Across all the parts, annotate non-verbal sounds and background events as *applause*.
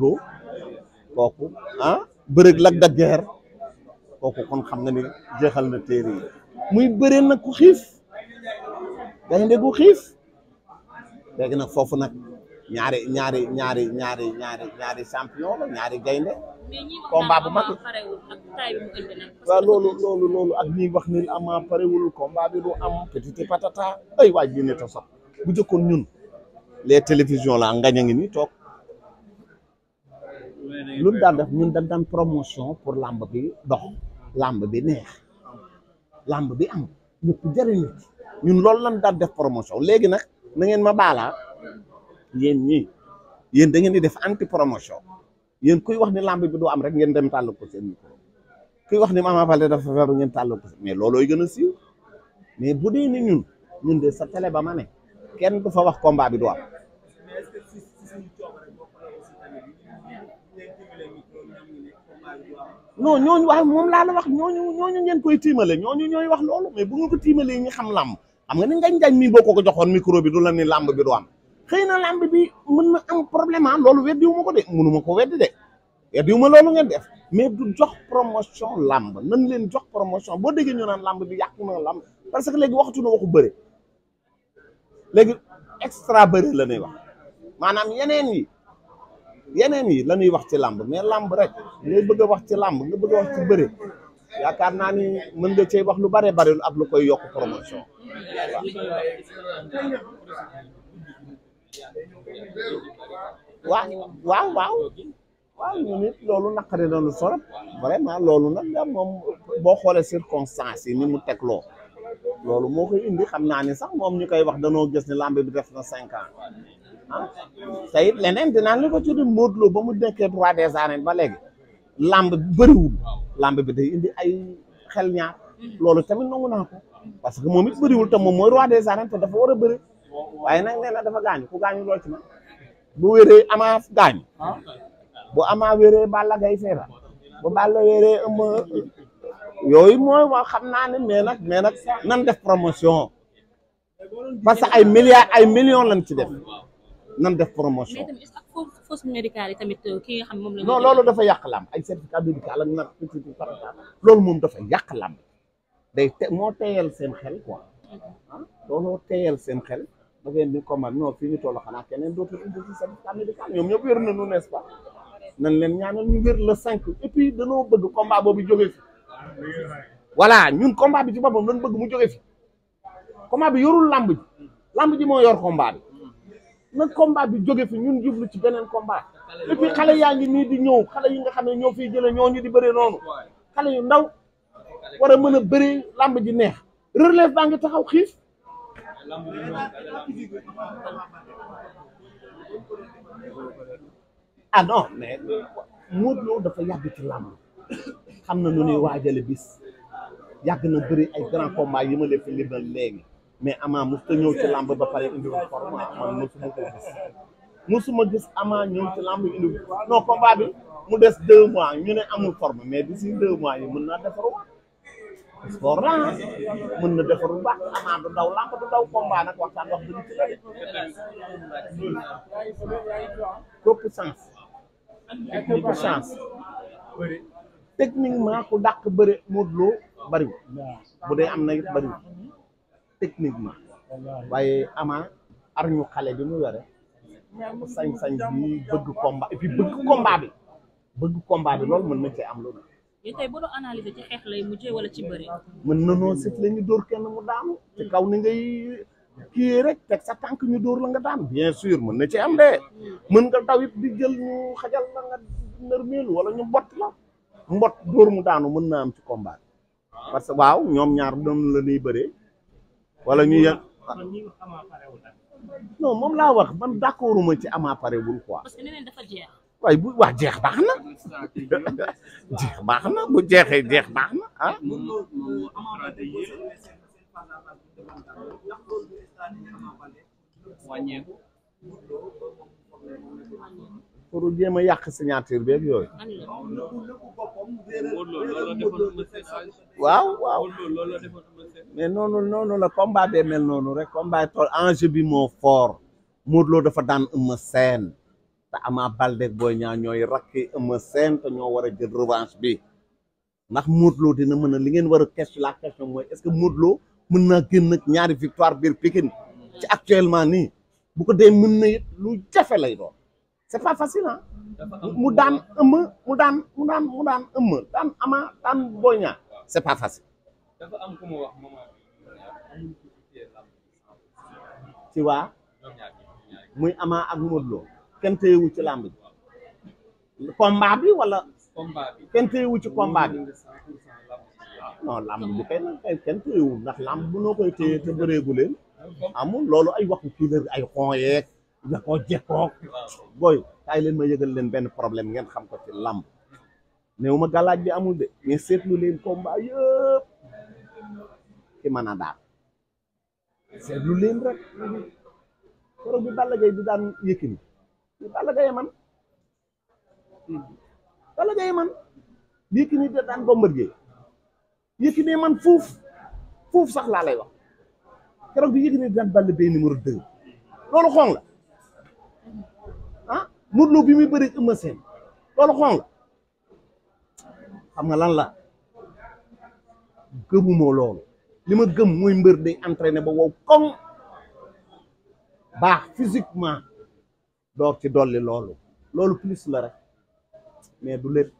Go kooku ah bërëg Lac de Guiers kooku kon xam nga ni jeexal na téere yi muy bëree na ku xiif gaynde gu xiif léegi nag foofu nag ñaari ñaari ñaari ñaari ñaari ñaari champion la ñaari gaynde combat bu mag waaw loolu loolu ak ñi wax ni ama parewul combat bi du am petit patata ay waaj bi ne ta ñun les télévisions la ngañ lu mu daan def ñun da daan promotion pour làmb bi dox làmb bi neex làmb bi am ñëpp jëriñu ñun loolu lan daan def promotion léegi nag na ngeen ma baalaa yéen ñi yéen da ngeen di def anti promotion yéen kuy wax ni làmb bi du am rek ngeen dem tàllal ko seen micro kuy wax ni Ama Baldé dafa feebar ngeen tàllal ko mais loolooy gën a siiw mais bu dee ni ñun ñun de sa télé ba ma ne kenn du fa wax combat bi du am. non ñooñu waaw moom laa la wax ñooñu ñooñu ngeen koy tiimale ñooñu ñooy wax loolu mais bu ngeen ko tiimalee ñi xam làmb xam nga ni ngañ jañ mii boo ko ko joxoon micro bi du la ni làmb bi du am xëy na làmb bi mën na am problème ah loolu weddiwu ma ko de mënuma ko weddi de weddiwu ma loolu ngeen de mais du jox promotion làmb nan leen jox promotion boo déggee ñu naan làmb bi yàqu na làmb parce que léegi waxtu na waxu bëri léegi extra bëri la ñuy wax maanaam yeneen yi yeneen yi lañuy wax ci làmb mais làmb rek ngay bëgg a wax ci làmb nga bëgg wax ci bëre yaakaar naa ni mën nga cee wax lu bare bare ab lu koy yokk promotion waaw waaw waaw ñu nit loolu naqari na lu sorop vraiment loolu nag moom boo xoolee circonstances yi ni mu tegloo loolu moo koy indi xam naa ni sax moom ñu koy wax danoo gis ni làmb bi def na cinq ans te it leneen dinaa la ko tudd Modou Lo ba mu nekkee roi des arènes ba léegi lamb bëriwul lamb bi day indi ay xel ñaar loolu tamit nangu naa ko parce que moom it bëriwul te moom mooy roi des arènes te dafa war a bëri waaye nag nee na dafa gaañu ku gaañu lool ci man bu wéree amaa gaañu bu amaa wéree Balla Gaye feebar bu Balla wéree ëmb mooy wax xam naa ne mais nag mais nag nan def promotion parce que ay milliards ay millions lañ ci def nan def promotion. mais euh, ki nga xam moom la. non loolu dafa yàq làmb ay certificat médical ak nar certificat paramédical loolu moom dafa yàq làmb day moo teyal seen xel quoi ah? looloo teyal seen xel da ngeen di combattre non fii ñu toll xanaa keneen dootul indi ci certificat médical ñoom ñëpp pas nan leen ñaanal ñu wér le cinq et puis danoo bëgg combat boobu jógee fi voilà ñun combat bi ci boppam dañu bëgg mu jógee fi combat bi yorul làmb ji làmb ji moo yor combat bi. na combat bi joge fi ñun jublu ci beneen combat et xale yaa ngi nii di ñëw xale yi nga xam ne ñoo fiy jële ñoo ñu di bëree noonu xale yu ndaw war a mën a bëree làmb ji neex relève baa ngi taxaw xiif ah non mais Modou Lo dafa yàgg ci làmb xam na nu ñuy waajale bis yàgg na bëri ay grand combat yi ma leen fi léegi mais Ama mosut a ñëw ci làmb ba pare indiwul forme man mosuma ko gis mosuma gis ñëw ci làmb indiwul non combat bi mu des deux mois ñu ne amul forme mais d'ici deux mois yi mën naa defaru parce que war naa mën na defaru baax Ama du daw làmb du daw combat nag waxtaan wax dëgg ci la de. chance. techniquement ku dàq bëre Modou Lo bariwul bu dee am na it bariwul. techniquement waaye ama ar ñu xale bi mu yore sañ-sañ bi bëgg combat et bi bëgg combat bi loolu mën na cee am lu ne. mais ci xeex lay mën na noo sit la dóor kenn mu ci kaw ni ngay kii rek teg sa tànk ñu dóor la nga daan bien sûr mën na ci am de. mën nga daw it di jël ñu xajal la nga nërmeelu wala ñu mbott la. mbott dóor mu daanu mën na am ci combat parce que waaw ñoom ñaar doon la ñuy bëree. wala ñu yan moom laa wax man d'accorduma ci Ama parewul quoi. parce jeex. wax jeex baax na jeex baax na bu jeexee jeex baax na ah. pour jéem a yàq signature beeg yooyu. waaw waaw. mais noonu noonu la combat bee mel noonu rek combat tool enjeu bi moo fort Modou dafa daan Eumeu Sène te Ama Baldé Boy ñooy rakki Eumeu Sène te ñoo war a jël revanche bi ndax Modou Lo dina mën a li ngeen war a question la question mooy est-ce que Modou Lo mën na génn ak ñaari victoire biir Pikine ci actuellement nii bu ko dee mën na lu jafe lay doon c'est pas facile mu daan Eumeu mu daan mu daan mu daan Ama daan Boy c'est pas facile dafa am ku wax moment bi ci ah, waa muy Ama ak Modou Lo kenn téyewu ci làmb ji combat bi wala kenn téyewu ci combat bi ah, non làmb bi kenn kenn téyewu ndax làmb bu noo koy téye te bëreegu leen amul loolu ay waxu kii lër ay xon yeeg da koo jekkoog leen ma yëgal leen benn problème ngeen xam ko ci làmb néew ma galaaj bi amul de mais seetlu leen combat yëpp ki mën a daan seetlu leen rek keroog bi Balla Gaye di daan Yékini bi Balla Gaye man Balla Gaye da daan Bombardier Yékini man fuuf fuuf sax laa lay wax keroog bi Yékini di daan Balla Gaye numéro deux loolu xonq la ah Modou Lo bi muy bëri Eumeu Sène loolu xonq la xam nga lan la gëmuma loolu li ma gëm mooy mbër day entraîné ba wow koŋ baax physiquement door ci dolli loolu loolu plus la rek mais du lépp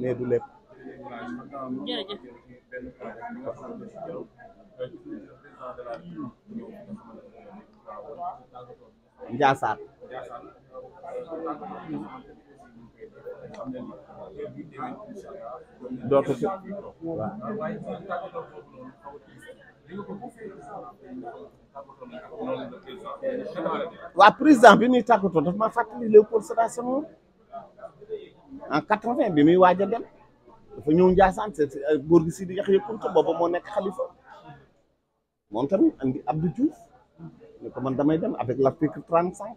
mais du lépp Ndiassane doo ci waa président bi ñuy tàggatoo daf ma fàttali Léopold Sédar Senghor en quatre vingt bi muy waaj a dem dafa ñëw si góor gi Sidi Yaxya Kunta booba moo nekk xalifa moom tamit andi Abdou Diouf ne ko dem avec l'article trente cinq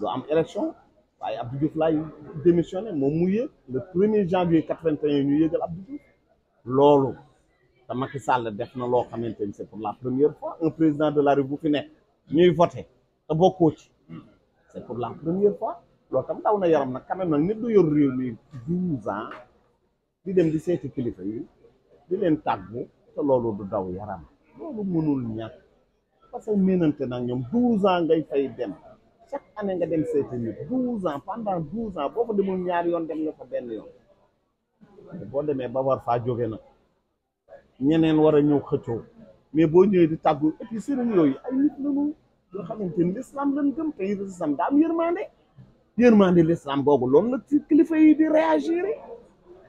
doo am élection waaye Abdou Diouf laay démissionné moom mu yëg le premier janvier ñu yëgal Abdou Diouf loolu te Macky Sall def na loo xamante ni c'est pour la première fois un président de la République bu fi ne ñuy voté te bokkoo ci c'est pour la première fois loolu tam daw na yaram nag quand nag nit du yor réew mi douze ans di dem di seeti kilifa yi di leen tàggu te loolu du daw yaram loolu mënul ñàkk parce que ménante nag ñoom douze ans ngay fay dem chaque année nga dem seeti nit douze ans pendant douze ans boo ko demul ñaar yoon dem nga fa benn yoon boo demee ba war faa jóge na ñeneen war a ñëw xëccoo mais boo ñëwee di tàggu et puis sëriñ yooyu ay nit lañu yoo xamante ni l'islam lañ gëm te l'islam daa am yërmande yërmande l'islam boobu loolu la ci kilifa yi di réagir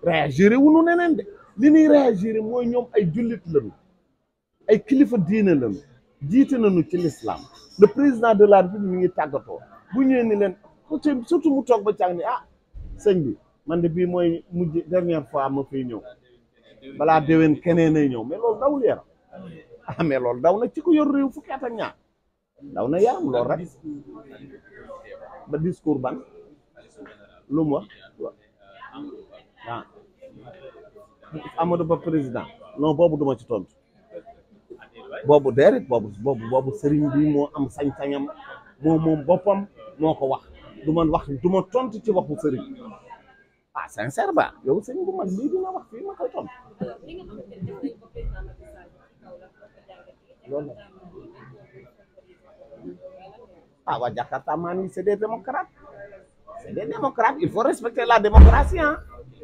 réagir wuñu neneen de li ñuy réagir mooy ñoom ay jullit lañu ay kilifa diine lañu jiite nañu ci l'islam le président de la République mi ngi tàggatoo bu ñëwee ni leen surtout mu toog ba càng ni ah sëñ bi man de bii mooy mujj dernière fois ma fiy ñëw balaa déwén keneen ay ñëw mais loolu dawul yaram ah *laughs* mais loolu daw na ci ko yor réew fukki at ak daw na yaram loolu rek ba discours ban lu mu wax ah Ba président non boobu duma ci tontu. boobu déedéet boobu boobu boobu sëriñ bi moo am sañ-sañam moo moom boppam moo ko wax du man wax du ma tontu ci waxu sëriñ ah sincèrement yow sëriñ bu mag lii dina wax fii ma koy tontu loolu ah Jakarta maa ni c'est des démocrates c'est des démocrates il faut respecter la démocratie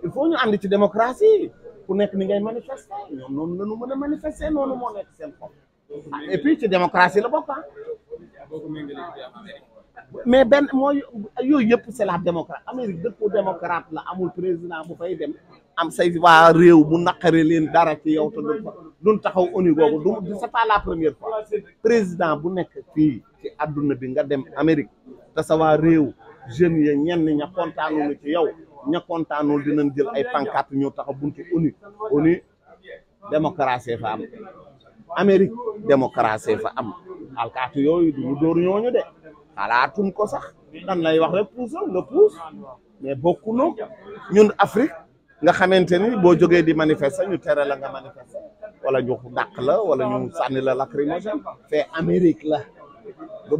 il faut ñu ànd ci démocratie ku nekk ni ngay manifester ñoom noonu la ñu mën a manifester noonu moo nekk seen xol ah, et puis ci démocratie la bokk ah. mais benn mooy yooyu yëpp c'est la démocratie Amérique dëkku démocrate la amul président bu fay dem am say waa réew bu naqare leen dara ci yow te duñ fa taxaw ONU boobu du c'est pas la première fois président bu nekk fii ci àdduna bi nga dem Amérique te sa waa réew jeunes ya ñenn ña kontaanu ci yow ña kontaanul dinañ jël ay pancarte ñoo tax a buntu ONU ONU démocratie fa am Amérique démocratie fa am alkaati yooyu duñu dóor ñooñu de xalaatun ko sax dan lay wax rek puusal nga puus mais bokkuno ñun Afrique nga xamante ni boo jogee di manifester ñu tere la nga manifester wala ñu dàq la wala ñu sànni la lacrymogène fee Amérique la du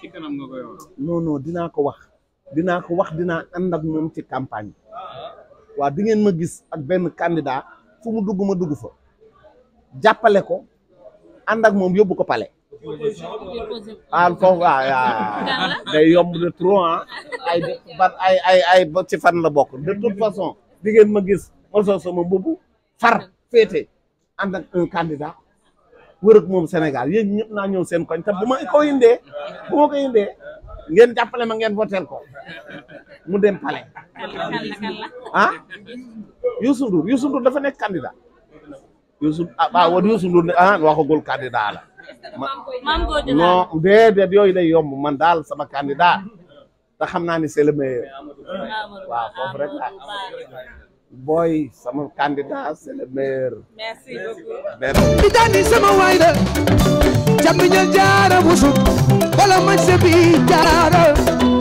ci kanam nga dinaa ko wax dinaa ko wax dinaa ànd ak moom ci campagne bi waaw di ma gis ak benn candidat fu mu dugg ma dugg fa jàppale ko ànd ak moom yóbbu ko pale ah foofu waaw day yomb de trop ah ay ba ay ay ay ba ci fan la bokk de toute façon di ngeen ma gis ma soo sama mbubu far féete ànd ak un candidat wër ak senegal Sénégal yéen naa ñëw seen koñ te bu ma ko indee bu ma ko indee ngeen jàppale ma ngeen voteel ko mu dem palais ah Youssou Ndour Youssou Ndour dafa nekk candidat Youssou ah waaw Youssou Ndour ne ah waxagul candidat la non déedéet yooyu day yomb man daal sama candidat te xam naa ni c'est le waaw foofu rek ah booy sama candidat c'est le meilleur. merci beaucoup. di daani sama waay la. jàmm ña jaara wusu. wala ma se jaara.